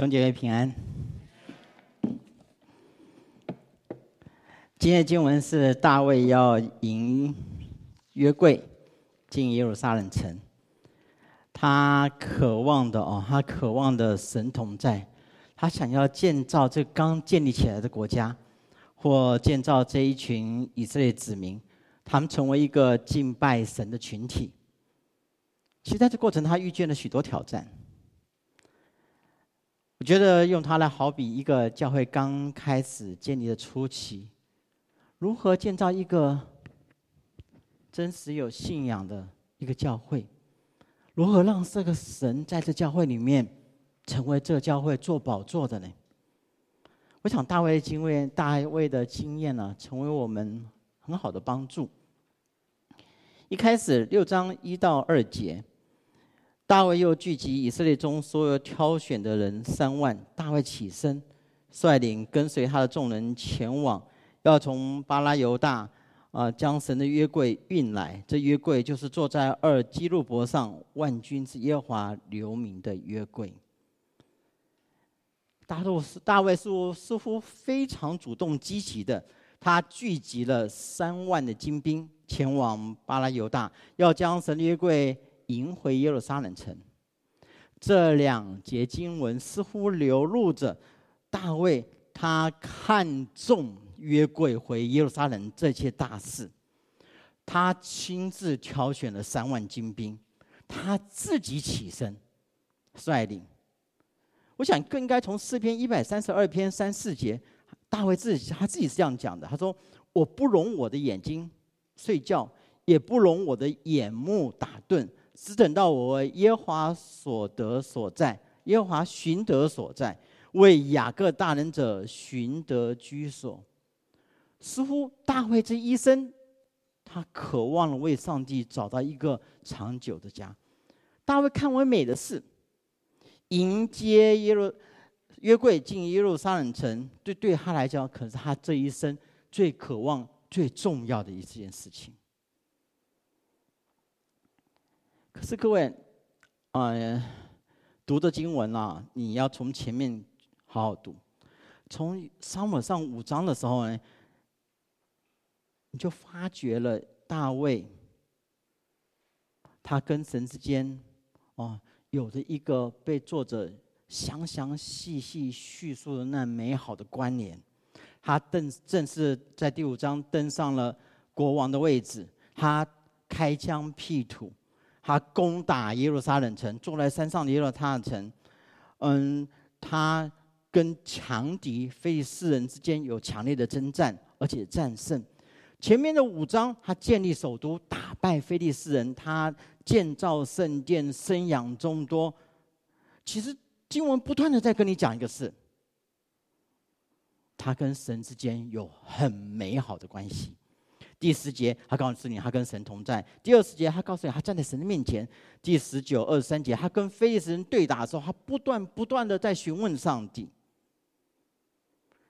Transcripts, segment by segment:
兄弟，約平安。今天的經文是大衛要迎約櫃進耶路撒冷城，他渴望的哦，他渴望的神同在，他想要建造這剛建立起來的國家，或建造這一群以色列子民，他們成為一個敬拜神的群體。其實，在這個過程，他遇見了許多挑戰。我覺得用它來好比一個教會剛開始建立的初期，如何建造一個真實有信仰的一個教會？如何讓這個神在這教會裡面成為這個教會做寶座的呢？我想大衛經驗大衛的經驗呢，啊、成為我們很好的幫助。一開始六章一到二節。大衛又聚集以色列中所有挑選的人三萬。大衛起身，率領跟隨他的眾人前往，要從巴拉猶大啊將神的約櫃運來。這約櫃就是坐在二基路伯上萬軍之耶和華留名的約櫃。大衛是大衛是似乎非常主動積極的，他聚集了三萬的精兵前往巴拉猶大，要將神的約櫃。迎回耶路撒冷城，這兩節經文似乎流露着大衛，他看重約櫃回耶路撒冷這件大事，他親自挑選了三萬精兵，他自己起身率領。我想更應該從詩篇一百三十二篇三四節，大衛自己他自己是這樣講的：“他說，我不容我的眼睛睡覺，也不容我的眼目打盹。”只等到我為耶和華所得所在，耶和華尋得所在，為雅各大人者尋得居所。似乎大衛這一生，他渴望了為上帝找到一個長久的家。大衛看為美的事，迎接耶路約櫃進耶路撒冷城，對對他來講，可是他這一生最渴望、最重要的一件事情。可是各位，呃，讀的經文吶、啊，你要從前面好好讀。從撒母上五章的時候呢，你就發覺了大衛，他跟神之間，哦，有着一個被作者詳詳細細敘述的那美好的關聯。他登，正式在第五章登上了國王的位置，他開疆闢土。他攻打耶路撒冷城，坐在山上的耶路撒冷城，嗯，他跟強敵非利士人之間有強烈的征戰，而且戰勝。前面的五章，他建立首都，打敗非利士人，他建造聖殿，生養眾多。其實經文不斷的在跟你講一個事：他跟神之間有很美好的關係。第十節，他告訴你，他跟神同在；第二十節，他告訴你，他站在神的面前；第十九、二十三節，他跟非利士人對打的時候，他不斷不斷的在詢問上帝。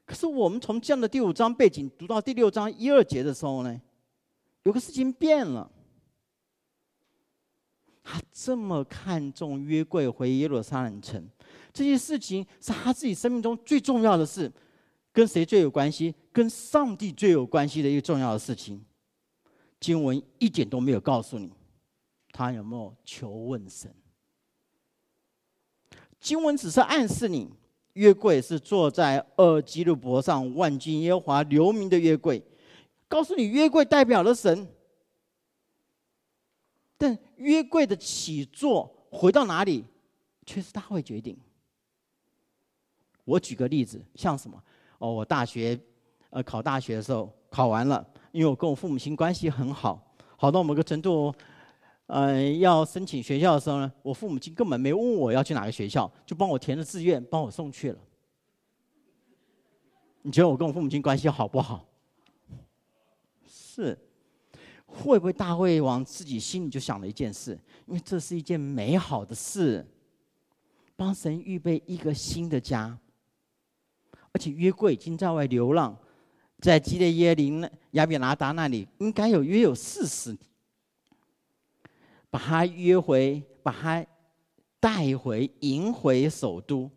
可是我們從這樣的第五章背景讀到第六章一二節的時候呢，有個事情變了。他這麼看重約櫃回耶路撒冷城，這些事情是他自己生命中最重要的事。跟誰最有關係？跟上帝最有關係的一個重要的事情，經文一點都沒有告訴你，他有沒有求問神？經文只是暗示你，約櫃是坐在二基路伯上萬軍耶和華留名的約櫃，告訴你約櫃代表了神，但約櫃的起坐回到哪裡，卻是他會決定。我舉個例子，像什麼？哦、oh，我大學，呃，考大學的時候考完了，因為我跟我父母親關係很好，好到某個程度，嗯、呃，要申請學校的時候呢，我父母親根本沒問我要去哪個學校，就幫我填了志願，幫我送去了。你覺得我跟我父母親關係好不好？是，會不會大衛王，自己心裡就想了一件事？因為這是一件美好的事，幫神預備一個新的家。而且約櫃已經在外流浪，在基列耶林亞比拿達那裡，應該有約有四十年，把他約回，把他帶回迎回首都。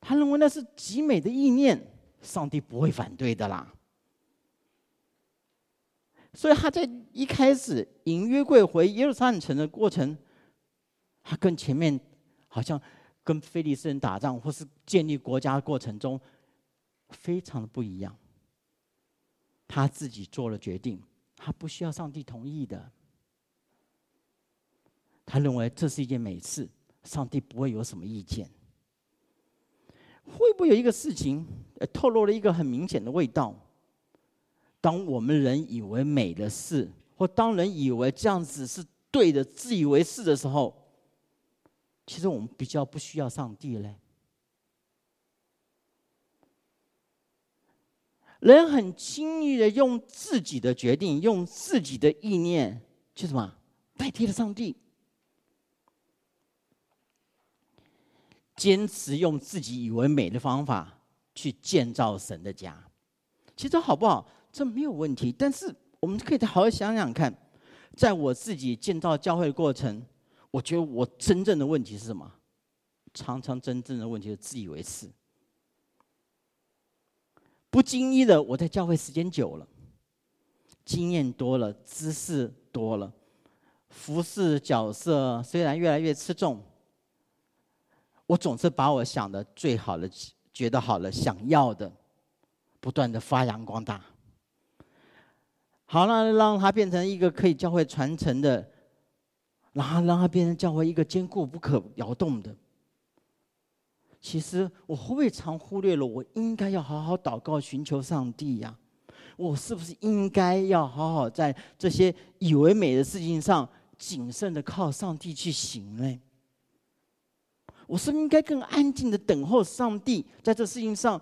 他認為那是極美的意念，上帝不會反對的啦。所以他在一開始迎約櫃回耶路撒冷城的過程，他跟前面好像。跟非利士人打仗，或是建立國家的過程中，非常的不一樣。他自己做了決定，他不需要上帝同意的。他認為這是一件美事，上帝不會有什麼意見。會不會有一個事情透露了一個很明顯的味道？當我們人以為美的事，或當人以為這樣子是對的、自以為是的時候。其實我們比較不需要上帝嘞，人很輕易的用自己的決定、用自己的意念就什麼代替了上帝，堅持用自己以為美的方法去建造神的家。其實好不好？這沒有問題。但是我們可以好好想想看，在我自己建造教會的過程。我覺得我真正的問題是什麼？常常真正的問題是自以為是。不經意的，我在教會時間久了，經驗多了，知識多了，服侍角色雖然越來越吃重，我總是把我想的最好的、覺得好的、想要的，不斷的發揚光大。好，那讓它變成一個可以教會傳承的。然後讓它變成教會一個堅固不可搖動的。其實我非常忽略了，我應該要好好禱告尋求上帝呀、啊。我是不是應該要好好在這些以為美的事情上謹慎的靠上帝去行呢？我是不是應該更安靜的等候上帝在這事情上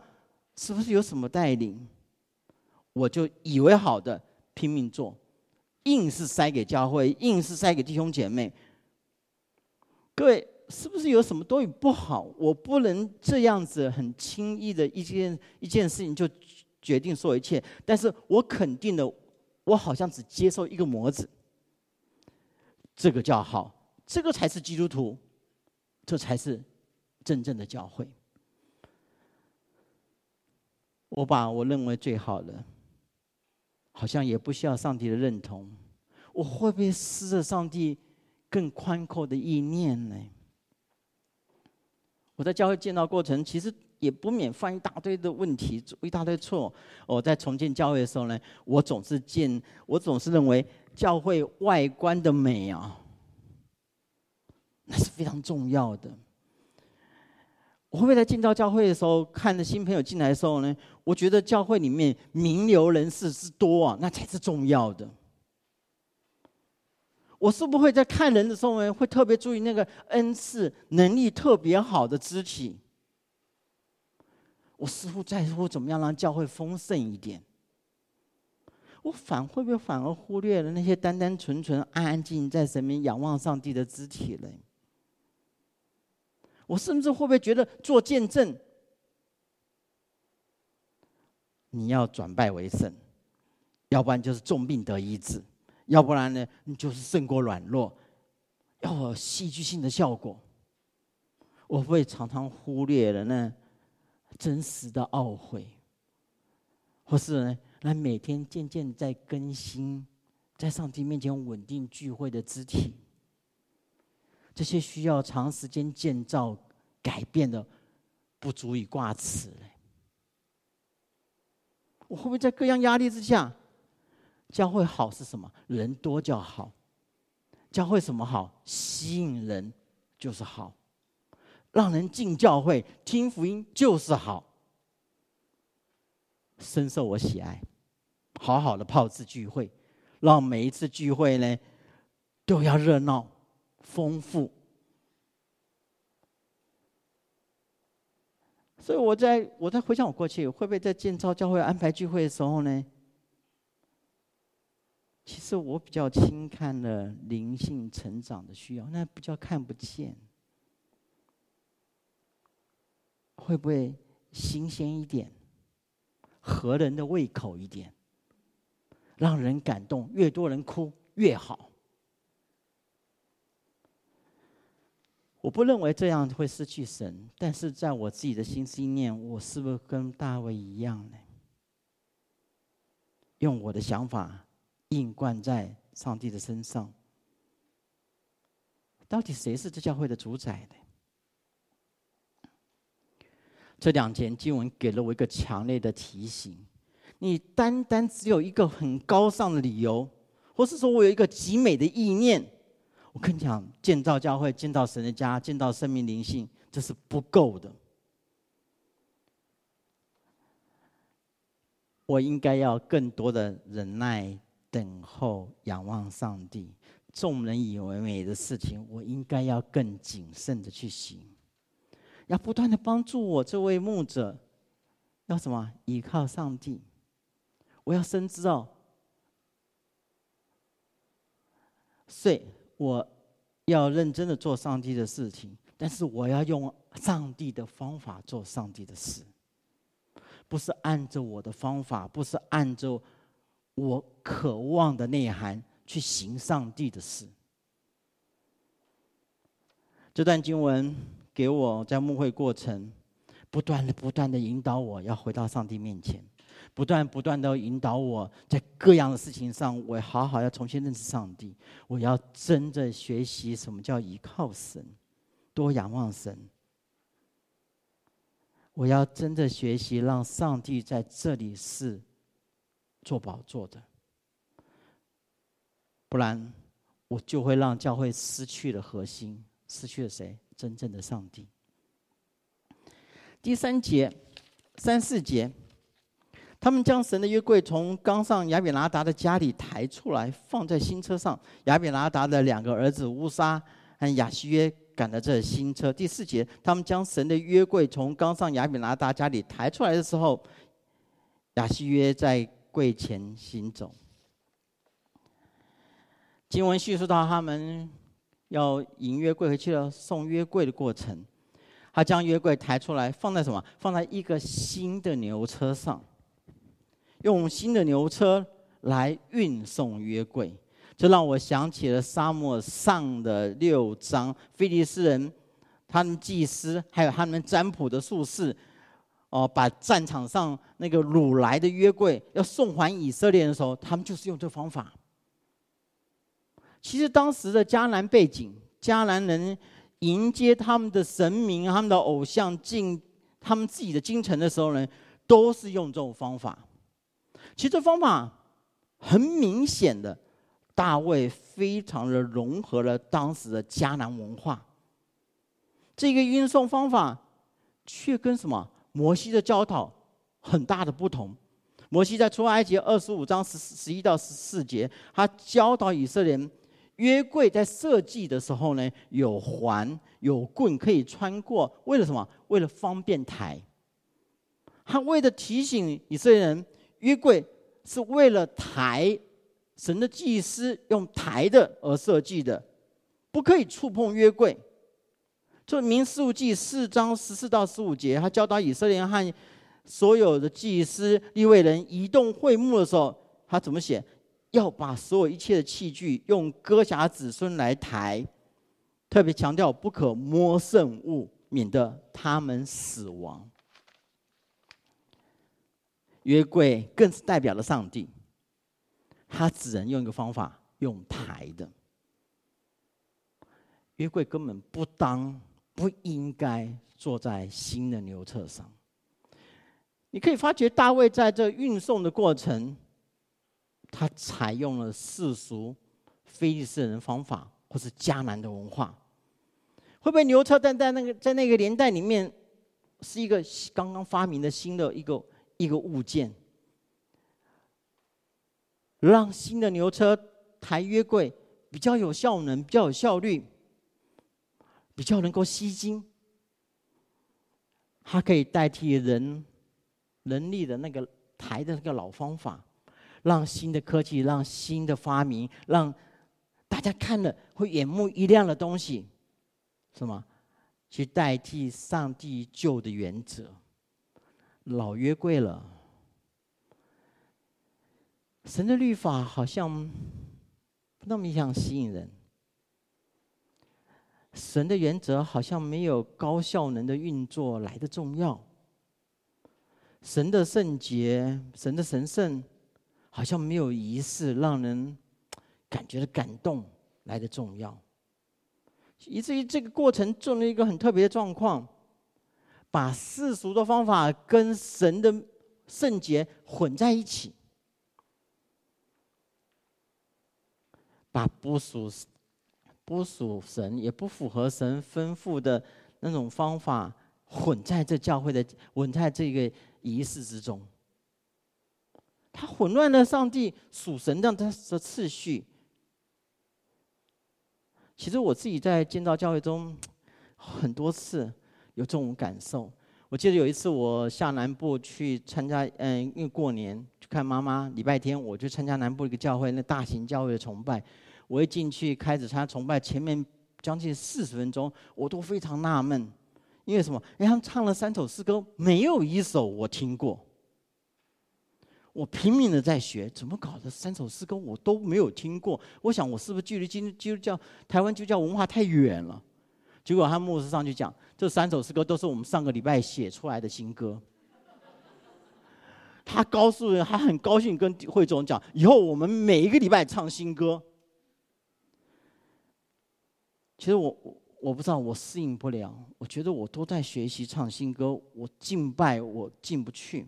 是不是有什麼帶領？我就以為好的拼命做。硬是塞給教會，硬是塞給弟兄姐妹。各位，是不是有什麼東西不好？我不能這樣子很輕易的一件一件事情就決定說一切。但是我肯定的，我好像只接受一個模子，這個叫好，這個才是基督徒，這才是真正的教會。我把我認為最好的。好像也不需要上帝的認同，我會不會失了上帝更寬闊的意念呢？我在教會建造過程，其實也不免犯一大堆的問題，一大堆錯。我在重建教會的時候呢，我總是建，我總是認為教會外觀的美啊，那是非常重要的。我會不會在進到教會的時候，看着新朋友進來的時候呢，我覺得教會裡面名流人士是多啊，那才是重要的。我是不是會在看人的時候呢，會特別注意那個恩賜能力特別好的肢體？我似乎在乎怎麼樣讓教會豐盛一點。我反會不會反而忽略了那些單單純純、安安靜靜在神面前仰望上帝的肢體呢？我甚至會不會覺得做見證，你要轉敗為勝，要不然就是重病得醫治，要不然呢你就是勝過軟弱，要有戲劇性的效果。我會常常忽略了那真實的懊悔，或是呢，來每天漸漸在更新，在上帝面前穩定聚會的肢體。這些需要長時間建造改變的，不足以掛齒。我會不會在各樣壓力之下，教會好是什麼？人多就好，教會什麼好？吸引人就是好，讓人進教會聽福音就是好，深受我喜愛。好好的炮製聚會，讓每一次聚會呢都要熱鬧。豐富，所以我在我在回想，我過去會不會在建造教會安排聚會的時候呢，其實我比較輕看了靈性成長的需要，那比較看不見。會不會新鮮一點，合人的胃口一點，讓人感動，越多人哭越好。我不認為這樣會失去神，但是在我自己的心心念，我是不是跟大衛一樣呢？用我的想法硬灌在上帝的身上，到底誰是這教會的主宰呢？這兩節經文給了我一個強烈的提醒：你單單只有一個很高尚的理由，或是說我有一個極美的意念。我跟你講，建造教會、建造神的家、建造生命靈性，這是不夠的。我應該要更多的忍耐、等候、仰望上帝。眾人以為美的事情，我應該要更謹慎的去行。要不斷的幫助我這位牧者，要什麼？依靠上帝。我要深知道，所以。我要認真的做上帝的事情，但是我要用上帝的方法做上帝的事，不是按照我的方法，不是按照我渴望的內涵去行上帝的事。這段經文給我在牧會過程不斷的不斷的引導，我要回到上帝面前。不斷不斷地引導我，在各樣的事情上，我好好要重新認識上帝。我要真的學習什麼叫依靠神，多仰望神。我要真的學習，讓上帝在這裡是做寶座的，不然我就會讓教會失去了核心，失去了誰？真正的上帝。第三節，三四節。他們將神的約櫃從岡上亞比拿達的家裡抬出來，放在新車上。亞比拿達的兩個兒子烏撒和亞希約趕着這新車。第四節，他們將神的約櫃從岡上亞比拿達家裡抬出來的時候，亞希約在櫃前行走。經文敘述到他們要迎約櫃回去了，送約櫃的過程。他將約櫃抬出來，放在什麼？放在一個新的牛車上。用新的牛車來運送約櫃，這讓我想起了撒母耳上的六章非利士人，他們祭司還有他們占卜的術士，哦，把戰場上那個擄來的約櫃要送還以色列的時候，他們就是用這方法。其實當時的迦南背景，迦南人迎接他們的神明、他們的偶像進他們自己的京城的時候呢，都是用這種方法。其實方法很明顯的，大衛非常的融合了當時的迦南文化。這個運送方法卻跟什麼摩西的教導很大的不同。摩西在出埃及二十五章十十一到十四節，他教導以色列人約櫃在設計的時候呢，有環有棍可以穿過，為了什麼？為了方便抬。他為了提醒以色列人。約櫃是為了抬神的祭司用抬的而設計的，不可以觸碰約櫃。這民數記四章十四到十五節，他教導以色列人和所有的祭司利未人移動會幕的時候，他怎麼寫？要把所有一切的器具用哥轄子孫來抬，特別強調不可摸聖物，免得他們死亡。約櫃更是代表了上帝，他只能用一個方法，用抬的。約櫃根本不當、不應該坐在新的牛車上。你可以發覺大衛在這運送的過程，他採用了世俗、非利士人方法，或是迦南的文化。會不會牛車在在那個在那個年代裡面是一個剛剛發明的新的一個？一個物件，讓新的牛車抬約櫃比較有效能、比較有效率、比較能夠吸睛，它可以代替人人力的那個抬的那個老方法，讓新的科技、讓新的發明、讓大家看了會眼目一亮的東西，什麼？去代替上帝舊的原則。老約櫃了，神的律法好像不那麼樣吸引人，神的原則好像沒有高效能的運作來得重要，神的聖潔、神的神聖，好像沒有儀式讓人感覺的感動來得重要，以至於這個過程成了一個很特別的狀況。把世俗的方法跟神的聖潔混在一起，把不屬不屬神也不符合神吩咐的那種方法混在這教會的混在這個儀式之中，他混亂了上帝屬神的他的次序。其實我自己在建造教會中很多次，有這種感受。我記得有一次，我下南部去參加，嗯，因為過年去看媽媽。禮拜天我去參加南部一個教會，那大型教會的崇拜。我一進去開始參加崇拜，前面將近四十分鐘，我都非常納悶，因為什麼？哎，他們唱了三首詩歌，沒有一首我聽過。我拼命的在學，怎麼搞的？三首詩歌我都沒有聽過。我想，我是不是距離今日基督教台灣基督教文化太遠了？結果他牧師上去講，這三首詩歌都是我們上個禮拜寫出來的新歌。他告訴人，他很高興跟會眾講，以後我們每一個禮拜唱新歌。其實我我不知道，我適應不了。我覺得我都在學習唱新歌，我敬拜我進不去。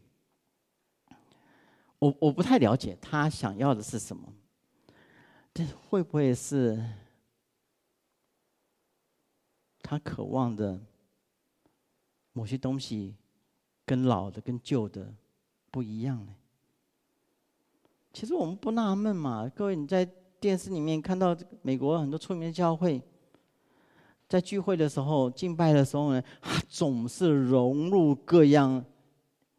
我我不太了解他想要的是什麼，但會不會是？他渴望的某些東西，跟老的，跟舊的不一樣呢。其實我們不納悶嘛，各位，你在電視裡面看到美國很多出名的教會，在聚會的時候，敬拜的時候呢，他總是融入各樣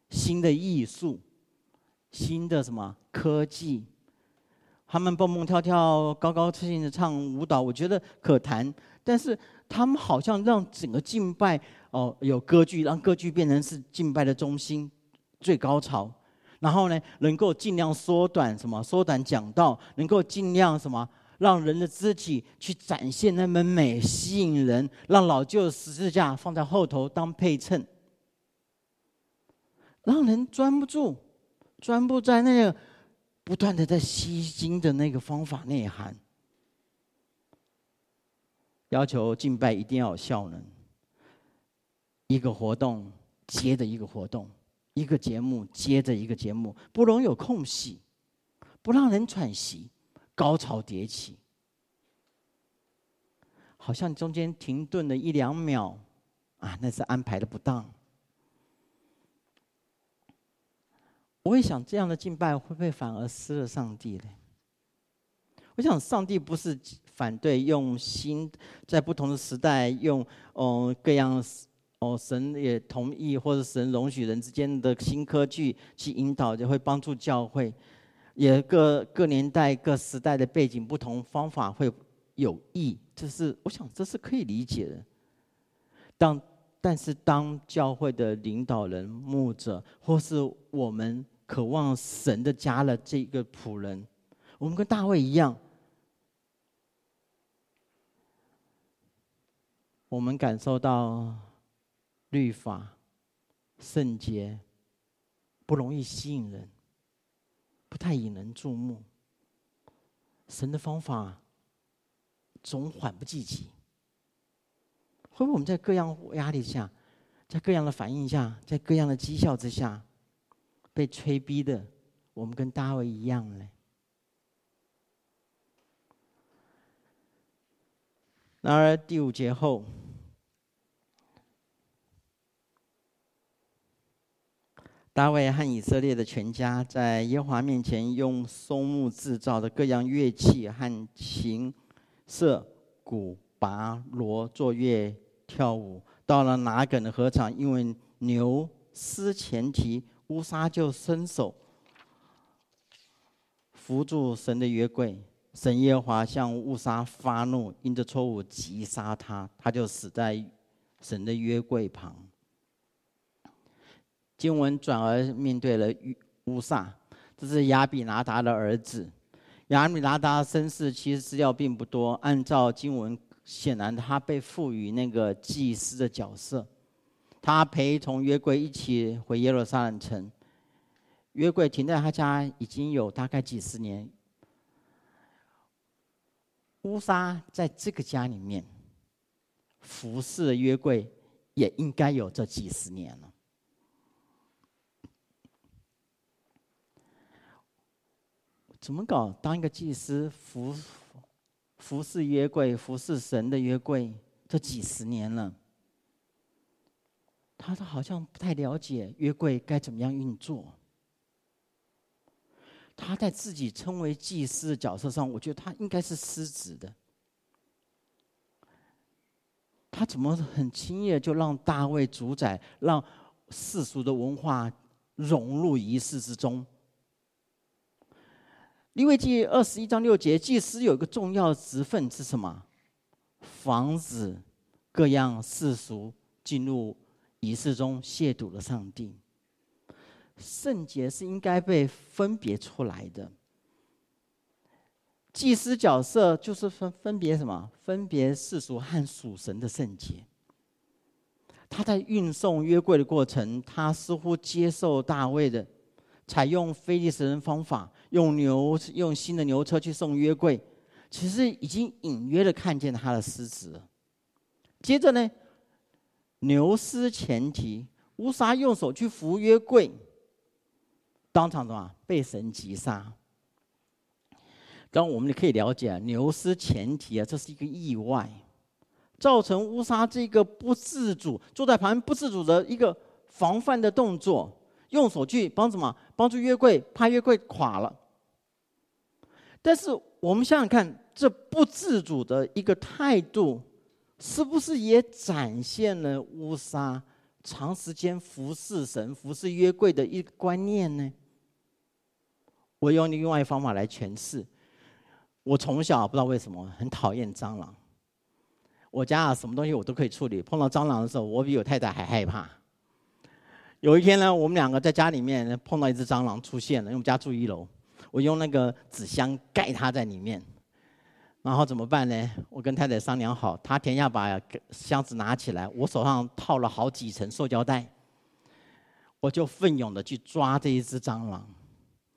新的藝術、新的什麼科技。他們蹦蹦跳跳、高高興興的唱舞蹈，我覺得可談。但是他們好像讓整個敬拜哦有歌劇，讓歌劇變成是敬拜的中心、最高潮。然後呢，能夠儘量縮短什麼？縮短講道，能夠儘量什麼？讓人的肢體去展現那麼美、吸引人，讓老舊的十字架放在後頭當配襯，讓人專不住、專不在那個。不斷的在吸睛的那個方法內涵，要求敬拜一定要有效能。一個活動接着一個活動，一個節目接着一個節目，不容有空隙，不讓人喘息，高潮迭起。好像中間停頓了一兩秒，啊，那是安排的不當。我會想，這樣的敬拜會不會反而失了上帝呢？我想，上帝不是反對用新，在不同的時代用哦各樣的哦，神也同意或者神容許人之間的新科技去引導，就會幫助教會。也各各年代各時代的背景不同，方法會有異，這是我想這是可以理解的。當但是當教會的領導人、牧者或是我們。渴望神的加了這個僕人，我們跟大衛一樣，我們感受到律法聖潔不容易吸引人，不太引人注目。神的方法總緩不濟急，會不會我們在各樣壓力下，在各樣的反應下，在各樣的譏笑之下？被催逼的，我們跟大衛一樣嘞。然而第五節後，大衛和以色列的全家在耶和華面前，用松木製造的各樣樂器和琴、瑟、鼓、鈸、鑼作樂跳舞。到了拿艮的禾場，因為牛失前蹄。烏撒就伸手扶住神的約櫃，神耶和華向烏撒發怒，因着錯誤擊殺他，他就死在神的約櫃旁。經文轉而面對了烏撒，這是亞比拿達的兒子。亞比拿達、達的身世其實資料並不多，按照經文，顯然他被賦予那個祭司的角色。他陪同約櫃一起回耶路撒冷城，約櫃停在他家已經有大概幾十年。烏撒在這個家裡面服侍的約櫃，也應該有這幾十年了。怎麼搞？當一個祭司服服侍約櫃，服侍神的約櫃，這幾十年了。他好像不太了解約櫃該怎麼樣運作。他在自己稱為祭司的角色上，我覺得他應該是失職的。他怎麼很輕易就讓大衛主宰，讓世俗的文化融入儀式之中？因為第二十一章六節，祭司有一個重要職分是什麼？防止各樣世俗進入。儀式中褻瀆了上帝。聖潔是應該被分別出來的。祭司角色就是分分別什麼？分別世俗和屬神的聖潔。他在運送約櫃的過程，他似乎接受大衛的採用非利士人方法，用牛用新的牛車去送約櫃，其實已經隱約的看見他的失職。接着呢？牛失前蹄，烏撒用手去扶約櫃，當場什麼被神擊殺？當我們可以了解啊，牛失前蹄啊，這是一個意外，造成烏撒這個不自主坐在旁邊不自主的一個防範的動作，用手去幫什麼，幫助約櫃，怕約櫃垮，垮了。但是我們想想看，這不自主的一個態度。是不是也展現了烏撒長時間服侍神、服侍約櫃的一個觀念呢？我用另外一方法來詮釋。我從小不知道為什麼很討厭蟑螂，我家什麼東西我都可以處理，碰到蟑螂的時候我比我太太還害怕。有一天呢，我們兩個在家裡面碰到一隻蟑螂出現了，因為我們家住一樓，我用那個紙箱蓋它在裡面。然後怎麼辦呢？我跟太太商量好，他停下把箱子拿起來，我手上套了好幾層塑膠袋，我就奮勇的去抓這一只蟑螂。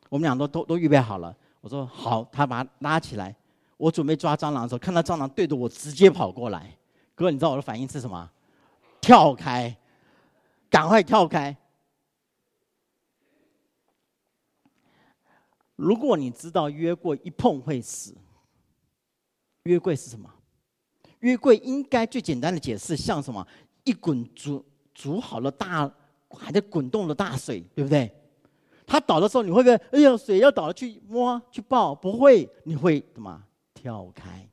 我們倆都都都預備好了。我說好，他把他拉起來，我準備抓蟑螂的時候，看到蟑螂對着我直接跑過來，哥，你知道我的反應是什麼？跳開，趕快跳開！如果你知道約櫃一碰會死。約櫃是什麼？約櫃應該最簡單的解釋像什麼？一滾煮煮好了大還在滾動的大水，對不對？它倒的時候你會不會？哎呀，水要倒了，去摸去抱？不會，你會怎麼？跳開！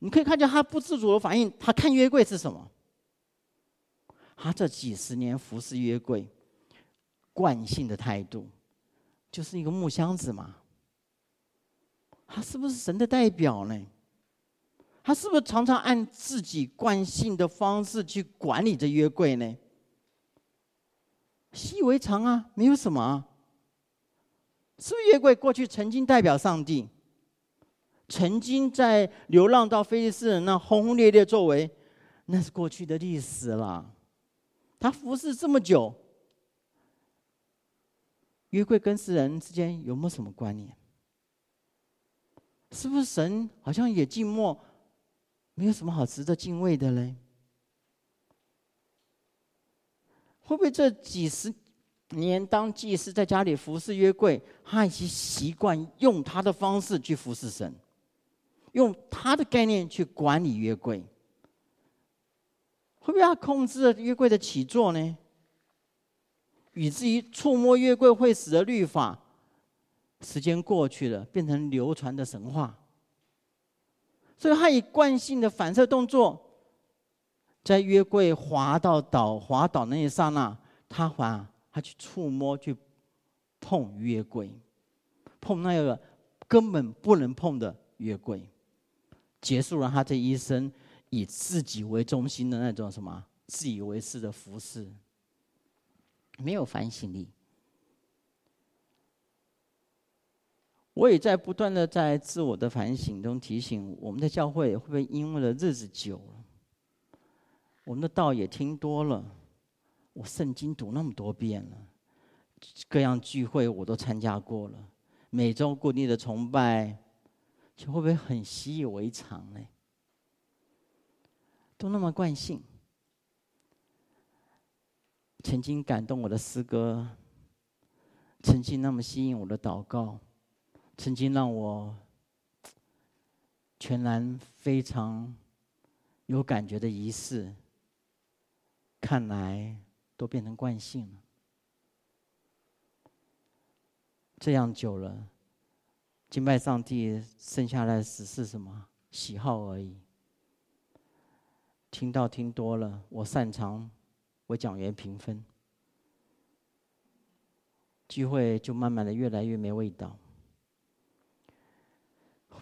你可以看見他不自主的反應，他看約櫃是什麼？他這幾十年服侍約櫃，慣性的態度，就是一個木箱子嘛。他是不是神的代表呢？他是不是常常按自己慣性的方式去管理着約櫃呢？習以為常啊，沒有什麼啊。是不是約櫃過去曾經代表上帝，曾經在流浪到非利士人那轟轟烈烈作為，那是過去的歷史了。他服侍這麼久，約櫃跟世人之間有沒有什麼關聯？是不是神好像也寂寞？沒有什麼好值得敬畏的嘞？會不會這幾十年當祭司，在家裡服侍約櫃，他已經習慣用他的方式去服侍神，用他的概念去管理約櫃？會不會他控制了約櫃的起坐呢？以至於觸摸約櫃會死的律法，時間過去了，變成流傳的神話？所以他以慣性的反射動作，在約櫃滑到倒滑倒那一剎那，他還、啊、他去觸摸去碰約櫃，碰那個根本不能碰的約櫃，結束了他這一生以自己為中心的那種什麼自以為是的服事，沒有反省力。我也在不斷的在自我的反省中提醒，我們的教會會不會因為了日子久了，我們的道也聽多了，我聖經讀那麼多遍了，各樣聚會我都參加過了，每周固定的崇拜，就會不會很習以為常呢？都那麼慣性，曾經感動我的詩歌，曾經那麼吸引我的禱告。曾經讓我全然非常有感覺的儀式，看來都變成慣性了。這樣久了，敬拜上帝剩下來只是什麼喜好而已。聽到聽多了，我擅長我講員評分，聚會就慢慢的越來越沒味道。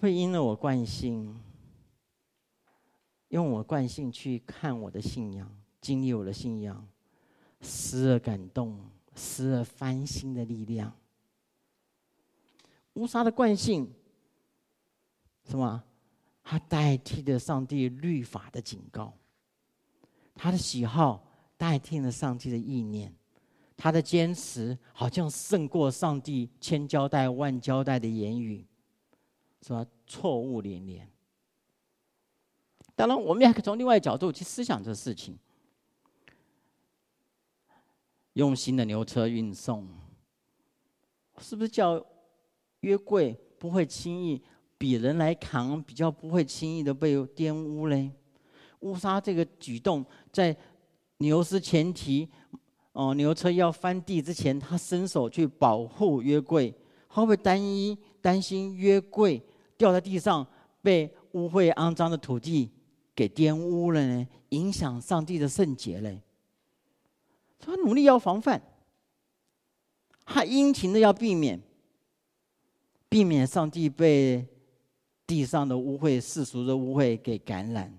會因了我慣性，用我慣性去看我的信仰，經歷我的信仰，時而感動，時而翻新的力量。烏撒的慣性，是嗎？他代替了上帝律法的警告，他的喜好代替了上帝的意念，他的堅持好像勝過上帝千交代萬交代的言語。是吧？錯誤連連。當然，我們也可以從另外一角度去思想這事情。用新的牛車運送，是不是叫約櫃不會輕易比人來扛，比較不會輕易的被玷污嘞？烏撒這個舉動，在牛失前蹄，哦，牛車要翻地之前，他伸手去保護約櫃，他會不會擔心擔心約櫃？掉在地上，被污穢骯髒的土地給玷污了呢，影響上帝的聖潔嘞。他努力要防範，他殷勤的要避免，避免上帝被地上的污穢、世俗的污穢給感染。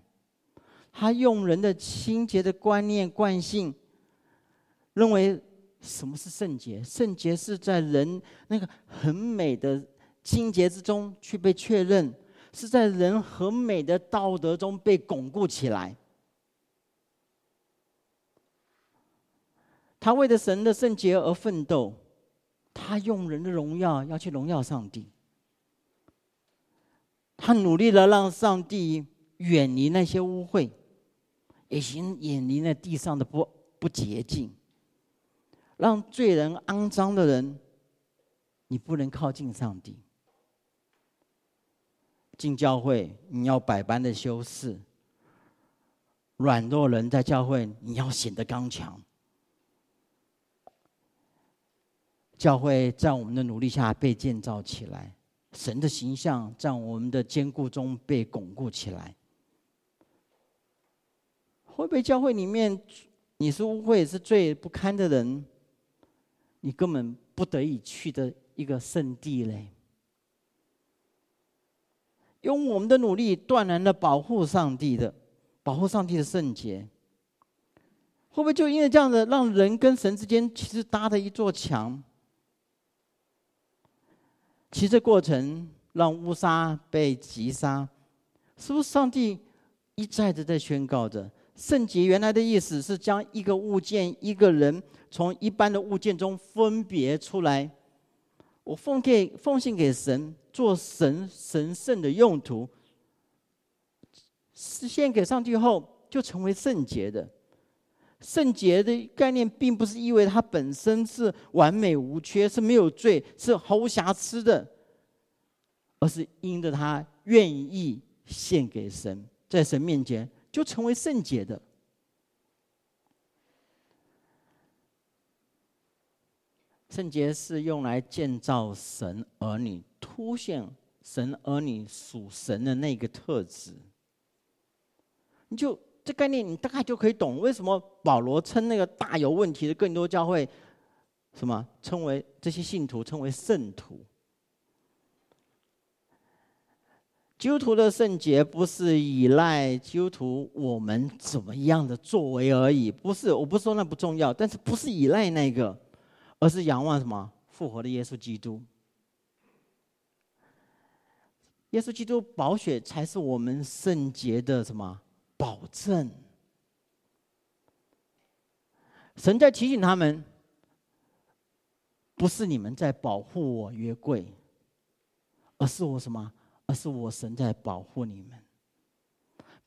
他用人的清潔的觀念慣性，認為什麼是聖潔？聖潔是在人那個很美的。清潔之中，卻被確認是在人和美的道德中被鞏固起來。他為了神的聖潔而奮鬥，他用人的榮耀要去榮耀上帝。他努力的讓上帝遠離那些污穢，也行遠離那地上的不不潔淨，讓罪人骯髒的人，你不能靠近上帝。進教會，你要百般的修飾；軟弱人，在教會你要顯得剛強。教會在我們的努力下被建造起來，神的形象在我們的堅固中被鞏固起來。會不會教會裡面，你是污穢是最不堪的人？你根本不得已去的一個聖地嘞。用我們的努力斷然的保護上帝的，保護上帝的聖潔，會不會就因為這樣子，讓人跟神之間其實搭着一座牆？其實過程讓烏撒被擊殺，是不是上帝一再的在宣告着聖潔原來的意思是將一個物件、一個人從一般的物件中分別出來？我奉給奉獻給神，做神神聖的用途。獻給上帝後，就成為聖潔的。聖潔的概念，並不是意味它本身是完美無缺、是沒有罪、是毫無瑕疵的，而是因着他願意獻給神，在神面前就成為聖潔的。聖潔是用來建造神兒女，而你凸顯神兒女屬神的那個特質。你就這概念，你大概就可以懂為什麼保羅稱那個大有問題的更多教會，什麼稱為這些信徒稱為聖徒。基督徒的聖潔不是依賴基督徒我們怎麼樣的作為而已，不是，我不是說那不重要，但是不是依賴那個。而是仰望什麼？復活的耶穌基督，耶穌基督寶血才是我們聖潔的什麼？保證。神在提醒他們，不是你們在保護我約櫃，而是我什麼？而是我神在保護你們。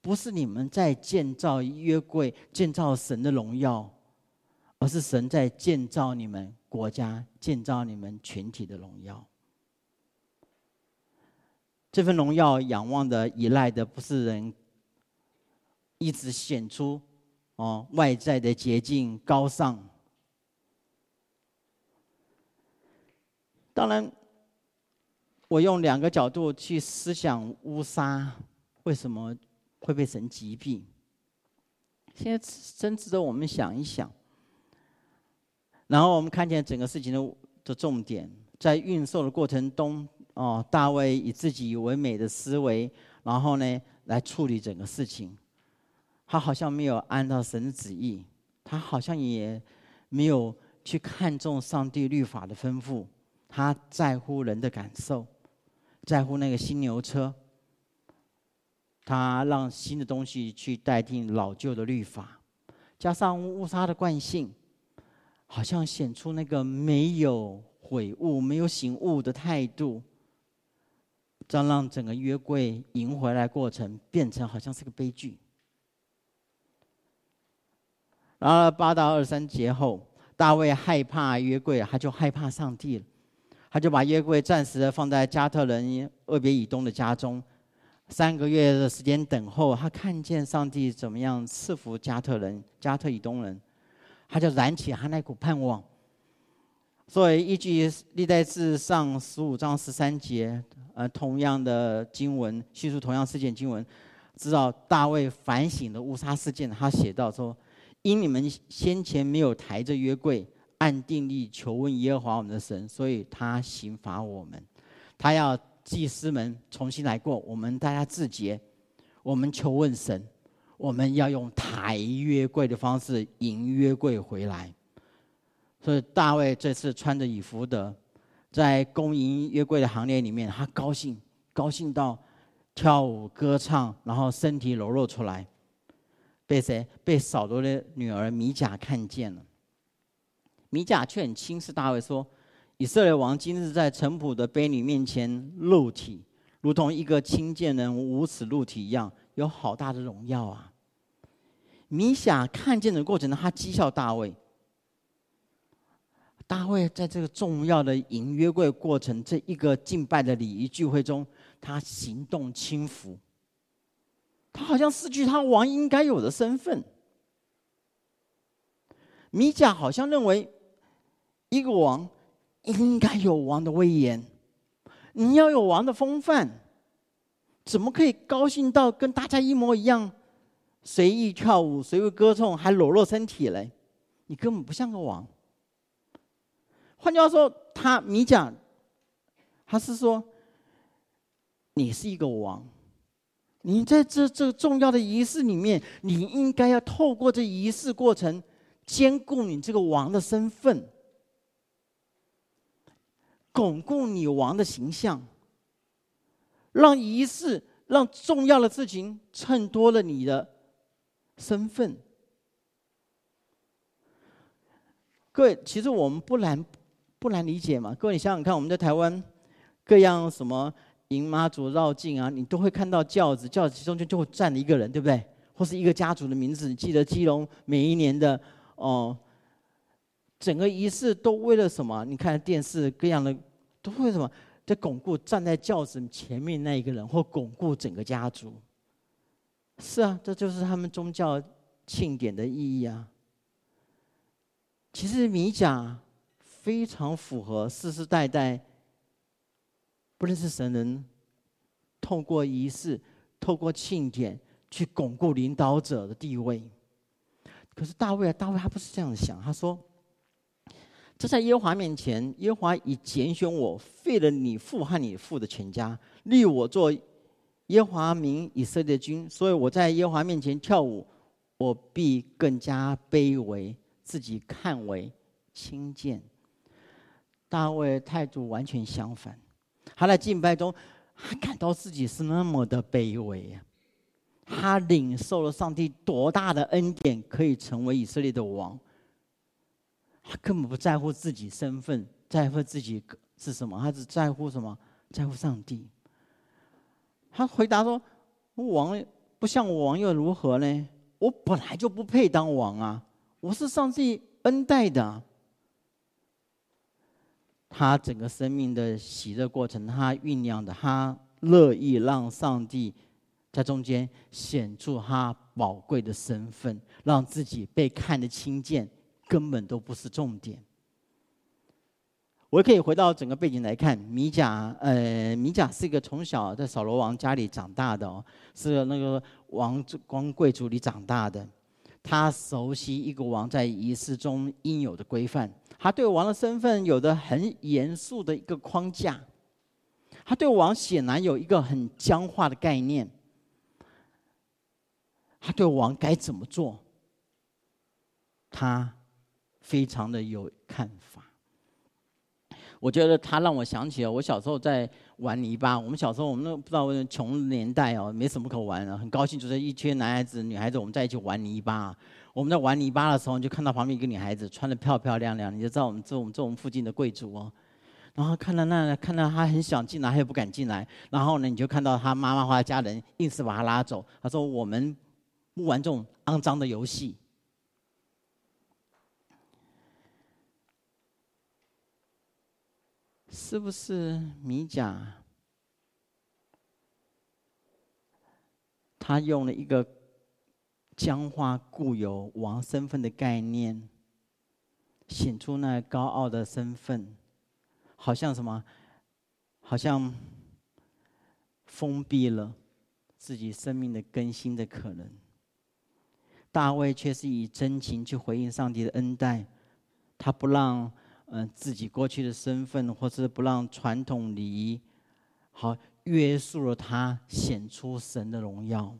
不是你們在建造約櫃，建造神的榮耀，而是神在建造你們。國家建造你們群體的榮耀，這份榮耀仰望的、依賴的不是人，一直顯出，哦，外在的潔淨、高尚。當然，我用兩個角度去思想烏撒，為什麼會被神擊斃？現在真值得我們想一想。然後我們看見整個事情的的重點，在運送的過程中，哦，大衛以自己為美的思維，然後呢，來處理整個事情。他好像沒有按照神的旨意，他好像也沒有去看重上帝律法的吩咐。他在乎人的感受，在乎那個新牛車。他讓新的東西去代替老舊的律法，加上烏撒的慣性。好像顯出那個沒有悔悟、沒有醒悟的態度，這讓整個約櫃迎回來過程變成好像是個悲劇。然後八到二三節後，大衛害怕約櫃，他就害怕上帝，他就把約櫃暫時放在迦特人俄別以東的家中，三個月的時間等候，他看見上帝怎麼樣賜福迦特人、迦特以東人。他就燃起他那股盼望。所以，依據歷代志上十五章十三節，呃，同樣的經文敘述同樣事件，經文知道大衛反省的烏撒事件，他寫到說：“因你們先前沒有抬着約櫃，按定例求問耶和華我們的神，所以他刑罰我們。他要祭司們重新來過，我們大家自潔，我們求問神。”我們要用抬約櫃的方式迎約櫃回來，所以大衛這次穿着以弗得，在恭迎約櫃的行列裡面，他高興，高興到跳舞歌唱，然後身體裸露出來，被誰？被掃羅的女兒米甲看見了。米甲卻很輕視大衛，說：“以色列王今日在臣僕的婢女面前，露體如同一個輕賤人無恥露體一樣，有好大的榮耀啊！”米甲看見的過程呢，他譏笑大衛。大衛在這個重要的迎約櫃過程，這一個敬拜的禮儀聚會中，他行動輕浮。他好像失去他王應該有的身份。米甲好像認為，一個王應該有王的威嚴，你要有王的風範，怎麼可以高興到跟大家一模一樣？隨意跳舞，隨意歌頌，還裸露身體嘞！你根本不像個王。換句話說，他，你講，他是說，你是一個王，你在這這個重要的儀式裡面，你應該要透過這儀式過程，兼顧你這個王的身份，鞏固你王的形象，讓儀式，讓重要的事情襯托了你的。身份，各位，其實我們不難不難理解嘛。各位，你想想看，我們在台灣各樣什麼迎媽祖繞境啊，你都會看到轎子，轎子其中就就會站着一個人，對不對？或是一個家族的名字。你記得基隆每一年的哦、呃，整個儀式都為了什麼？你看電視各樣的，都為什麼在鞏固站在轎子前面那一個人，或鞏固整個家族？是啊，這就是他們宗教慶典的意義啊。其實米甲非常符合世世代代不認識神人，透過儀式、透過慶典去鞏固領導者的地位。可是大衛啊，大衛他不是這樣想，他說：“這在耶和華面前，耶和華已揀選我，廢了你父和你父的全家，立我做。”耶和華民以色列的君，所以我在耶和華面前跳舞，我必更加卑微，自己看為輕賤。大衛態度完全相反，他在敬拜中，他感到自己是那麼的卑微啊，他領受了上帝多大的恩典，可以成為以色列的王。他根本不在乎自己身份，在乎自己是什麼，他只在乎什麼，在乎上帝。他回答說：“我王不像我王又如何呢？我本來就不配當王啊！我是上帝恩待的。”他整個生命的喜樂過程，他醞釀的，他樂意讓上帝在中間顯出他寶貴的身份，讓自己被看得輕賤，根本都不是重點。我可以回到整個背景來看，米甲，呃，米甲是一個從小在掃羅王家裡長大的哦，是那個王光貴族裡長大的。他熟悉一個王在儀式中應有的規範，他對王的身份有著很嚴肅的一個框架，他對王顯然有一個很僵化的概念。他對王該怎麼做，他非常的有看法。我覺得他讓我想起了我小時候在玩泥巴。我們小時候，我們那不知道為什麼窮年代哦，沒什麼可玩的，很高興就是一群男孩子、女孩子，我們在一起玩泥巴。我們在玩泥巴的時候，就看到旁邊一個女孩子穿得漂漂亮亮，你就知道我們這我們這我們附近的貴族哦。然後看到那看到他很想進來，他又不敢進來。然後呢，你就看到他媽媽或他家人硬是把他拉走。他說：“我們不玩這種骯髒的遊戲。”是不是米甲？他用了一個僵化固有王身份的概念，顯出那高傲的身份，好像什麼，好像封閉了自己生命的更新的可能。大衛卻是以真情去回應上帝的恩待，他不讓。嗯、呃，自己過去的身份，或是不讓傳統禮儀好約束了他，顯出神的榮耀。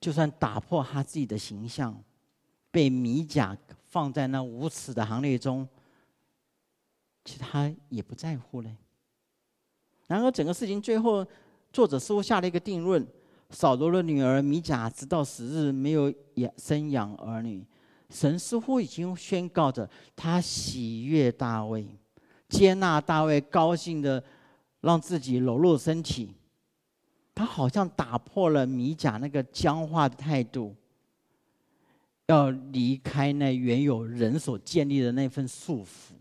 就算打破他自己的形象，被米甲放在那無恥的行列中，其他也不在乎嘞。然而，整個事情最後，作者似乎下了一個定論：掃羅的女兒米甲，直到死日，沒有養生養兒女。神似乎已經宣告着他喜悅大衛，接納大衛，高興的讓自己裸露身體。他好像打破了米甲那個僵化的態度，要離開那原有人所建立的那份束縛，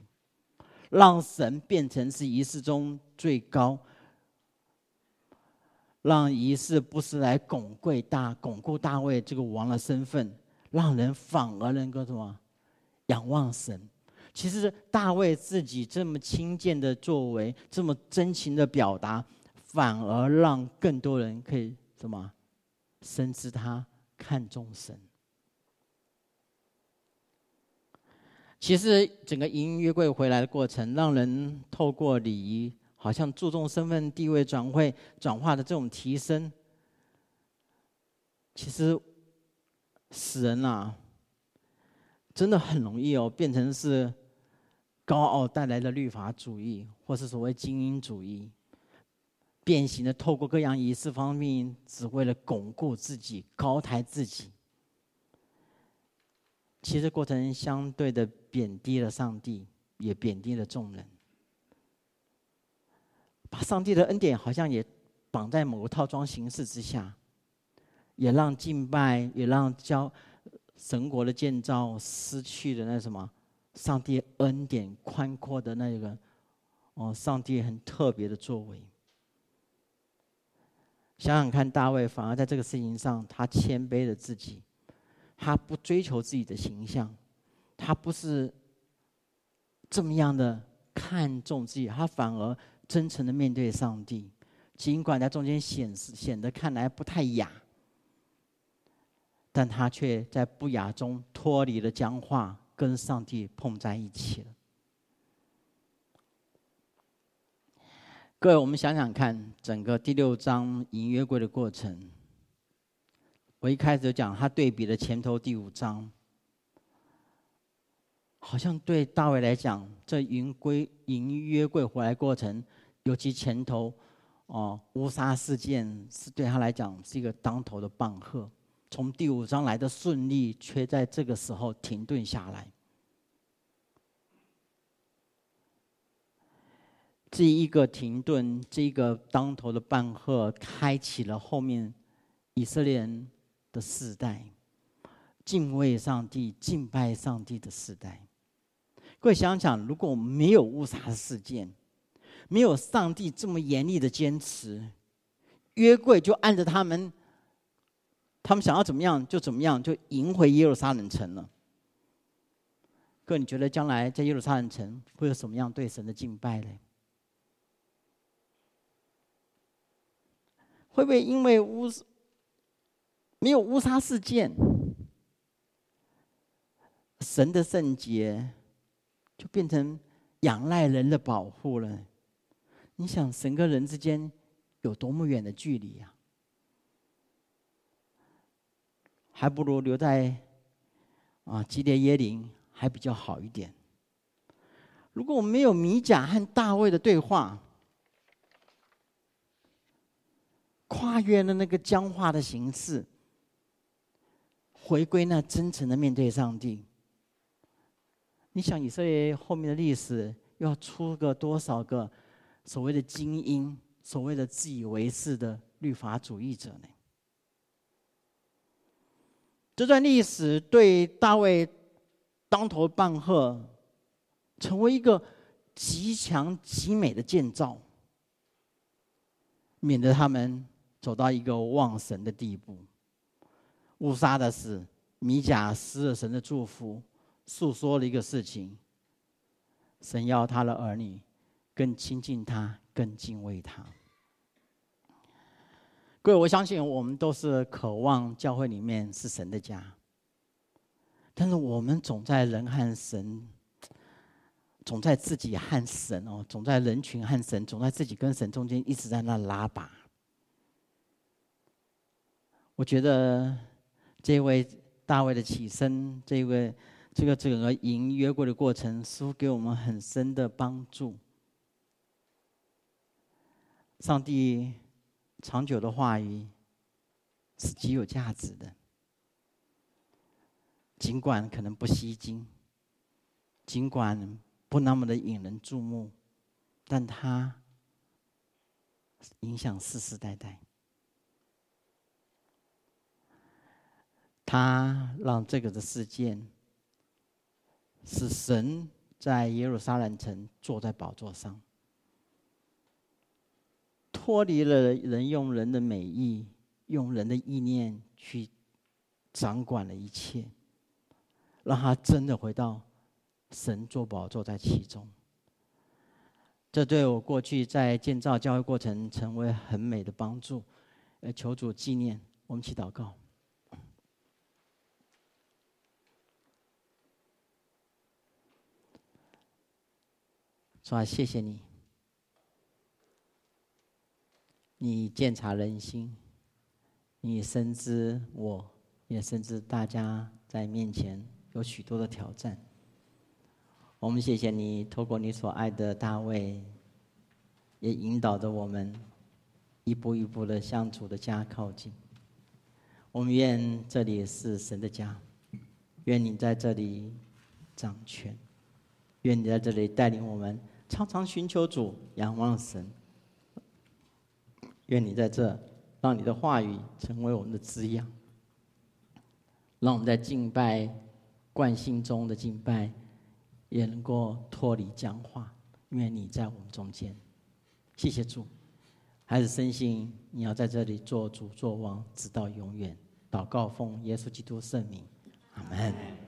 讓神變成是儀式中最高，讓儀式不是來鞏固大鞏固大衛這個王的身份。讓人反而能夠什麼仰望神。其實大衛自己這麼輕賤的作為，這麼真情的表達，反而讓更多人可以什麼深知他看重神。其實整個迎約櫃回來的過程，讓人透過禮儀，好像注重身份地位轉會轉化的這種提升，其實。死人吶、啊，真的很容易哦，變成是高傲帶來的律法主義，或是所謂精英主義，變形的透過各樣儀式方面，只為了鞏固自己、高抬自己。其實過程相對的貶低了上帝，也貶低了眾人，把上帝的恩典好像也綁在某個套裝形式之下。也讓敬拜，也讓教神國的建造失去的那什麼，上帝恩典寬闊的那個哦，上帝很特別的作為。想想看，大衛反而在這個事情上，他謙卑了自己，他不追求自己的形象，他不是這麼樣的看重自己，他反而真誠的面對上帝，儘管在中間顯示顯得看來不太雅。但他卻在不雅中脫離了僵化，跟上帝碰在一起了。各位，我們想想看，整個第六章迎約櫃的過程，我一開始就講，他對比了前頭第五章，好像對大衛來講，這迎歸迎約櫃回來過程，尤其前頭、呃，哦烏撒事件，是對他來講是一個當頭的棒喝。從第五章來的順利，卻在這個時候停頓下來。這一個停頓，這一個當頭的棒喝，開啟了後面以色列人的世代——敬畏上帝、敬拜上帝的時代。各位想想，如果我們沒有烏撒事件，沒有上帝這麼嚴厲的堅持，約櫃就按着他們。他們想要怎麼樣就怎麼樣，就迎回耶路撒冷城了。各位，你覺得將來在耶路撒冷城會有什麼樣對神的敬拜呢？會不會因為烏沒有烏撒事件，神的聖潔就變成仰賴人的保護了？你想，神跟人之間有多麼遠的距離呀，啊？還不如留在啊基列耶琳還比較好一點。如果我們沒有米甲和大衛的對話，跨越了那個僵化的形式，回歸那真誠的面對上帝，你想以色列後面的歷史要出個多少個所謂的精英、所謂的自以為是的律法主義者呢？這段歷史對大衛當頭棒喝，成為一個極強極美的建造，免得他們走到一個忘神的地步。誤殺的是米甲失了神的祝福，訴說了一個事情：神要他的兒女更親近他，更敬畏他。各位，我相信我們都是渴望教會裡面是神的家，但是我們總在人和神，總在自己和神哦，總在人群和神，總在自己跟神中間一直在那拉拔。我覺得這位大衛的起身，這位這個整個運約櫃的過程，似乎給我們很深的幫助。上帝。長久的話語是極有價值的，儘管可能不吸睛，儘管不那麼的引人注目，但它影響世世代代。它讓這個的事件是神在耶路撒冷城坐在寶座上。脫離了人用人的美意，用人的意念去掌管了一切，讓他真的回到神作寶座在其中。這對我過去在建造教會過程，成為很美的幫助。呃，求主紀念，我們一起禱告。主啊，謝謝你。你鑒察人心，你深知我，也深知大家在面前有許多的挑戰。我們謝謝你，透過你所愛的大衛，也引導着我們一步一步的向主的家靠近。我們願這裡是神的家，願你在這裡掌權，願你在這裡帶領我們，常常尋求主，仰望神。願你在這，讓你的話語成為我們的滋養，讓我們在敬拜、慣性中的敬拜，也能夠脫離僵化。因為你在我們中間，謝謝主，孩子深信你要在這裡做主做王，直到永遠。禱告奉耶穌基督聖名，阿門。